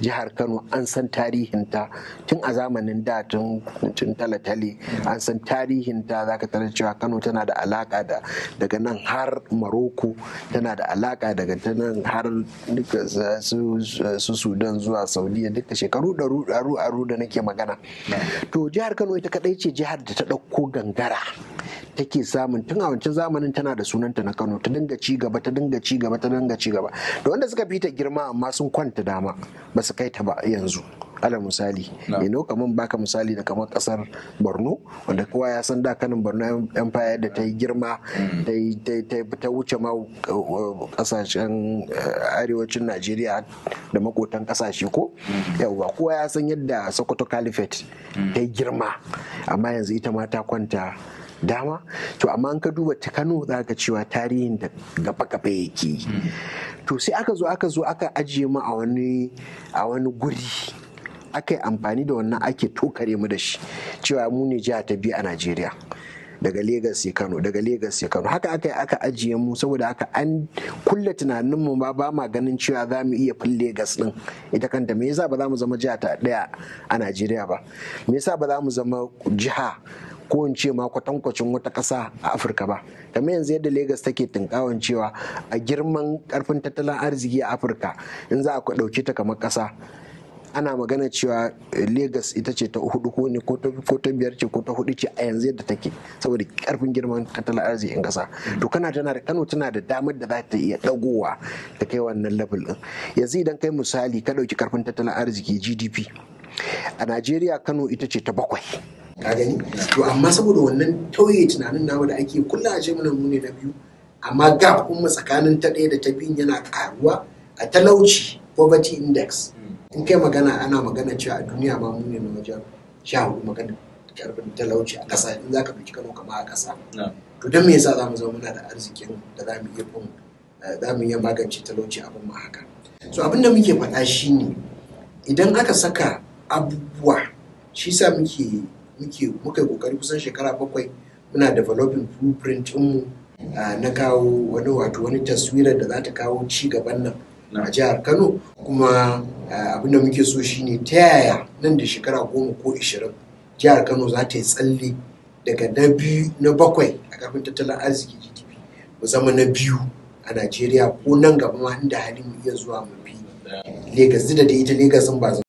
jihar kano an san tarihinta tun a zamanin da tun talatale an san tarihinta ka tarar cewa kano tana da alaka da daga nan har maroko tana da alaka daga nan har su sudan zuwa saudiya duka shekaru da aru da nake magana to jihar kano ita kadai ce jihar da ta ɗauko gangara take samun tun a wancan zamanin tana da sunanta na Kano ta dinga ci gaba ta dinga ci gaba ta dinga ci gaba da wanda suka fi ta girma amma sun kwanta dama ba su kai ta ba yanzu ala misali ino kamar baka misali da kamar kasar borno wanda kowa ya san dakanin borno empire da ta yi girma mm. ta wuce ma kasashen uh, uh, arewacin najeriya da makotan kasashe ko mm. yawwa kowa ya san yadda sokoto caliphate mm. ta yi girma amma yanzu ita ma ta kwanta dama to amma an ka duba ta kano za ka cewa tarihin da gaba-gaba yake hmm. to sai aka zo aka zo aka ajiye mu a wani guri aka yi amfani da wannan ake tokare mu da shi cewa mu ne jiha ta biyu a najeriya daga Legas ya Kano daga Legas ya Kano haka aka yi aka ajiye mu saboda haka an kulle tunanin mu ba ba ma ganin cewa za mu iya fin Legas din ita kanta me yasa ba za mu zama jiha ta daya a Najeriya ba me yasa ba za mu zama jiha ko in ce ma kwatankwacin wata ƙasa a afirka ba kamar yanzu yadda lagos take tunkawan cewa a girman karfin tattalin arziki a afirka in za a ɗauki ta kamar ƙasa ana magana cewa Legas ita ce ta hudu ko ne ko ta biyar ce ko ta hudu ce a yanzu yadda take saboda karfin girman tattalin arzikin kasa to kana tana da kano tana da damar da za ta iya dagowa ta kai wannan level din yanzu idan kai misali ka ɗauki karfin tattalin arziki gdp a najeriya kano ita ce ta bakwai ka gani to amma saboda wannan tauye tunanin namu da ake kulla a mana mu ne na biyu amma gap kuma tsakanin ta ɗaya da ta biyun yana karuwa a talauci poverty index in kai magana ana magana cewa a duniya ma mu ne na wajen sha hudu magana karfin talauci a ƙasa in za ka ɗauki kano kama a ƙasa to don me yasa za mu zama da arzikin da za mu iya kun eh, za mu magance talauci abin ma haka so abin da muke faɗa shine idan aka saka abubuwa shi sa muke muke muka yi kokari kusan shekara bakwai muna developing blueprint mu na kawo wani wato wani taswira da za ta kawo ci gaban nan a jihar Kano kuma abin da muke so shine ta yaya nan da shekara goma ko ishirin jihar Kano za ta yi tsalle daga na biyu na bakwai a karfin tattalin arziki GDP mu zama na biyu a Najeriya ko nan gaba ma inda halin mu iya zuwa mu bi Legas da ita Legas ba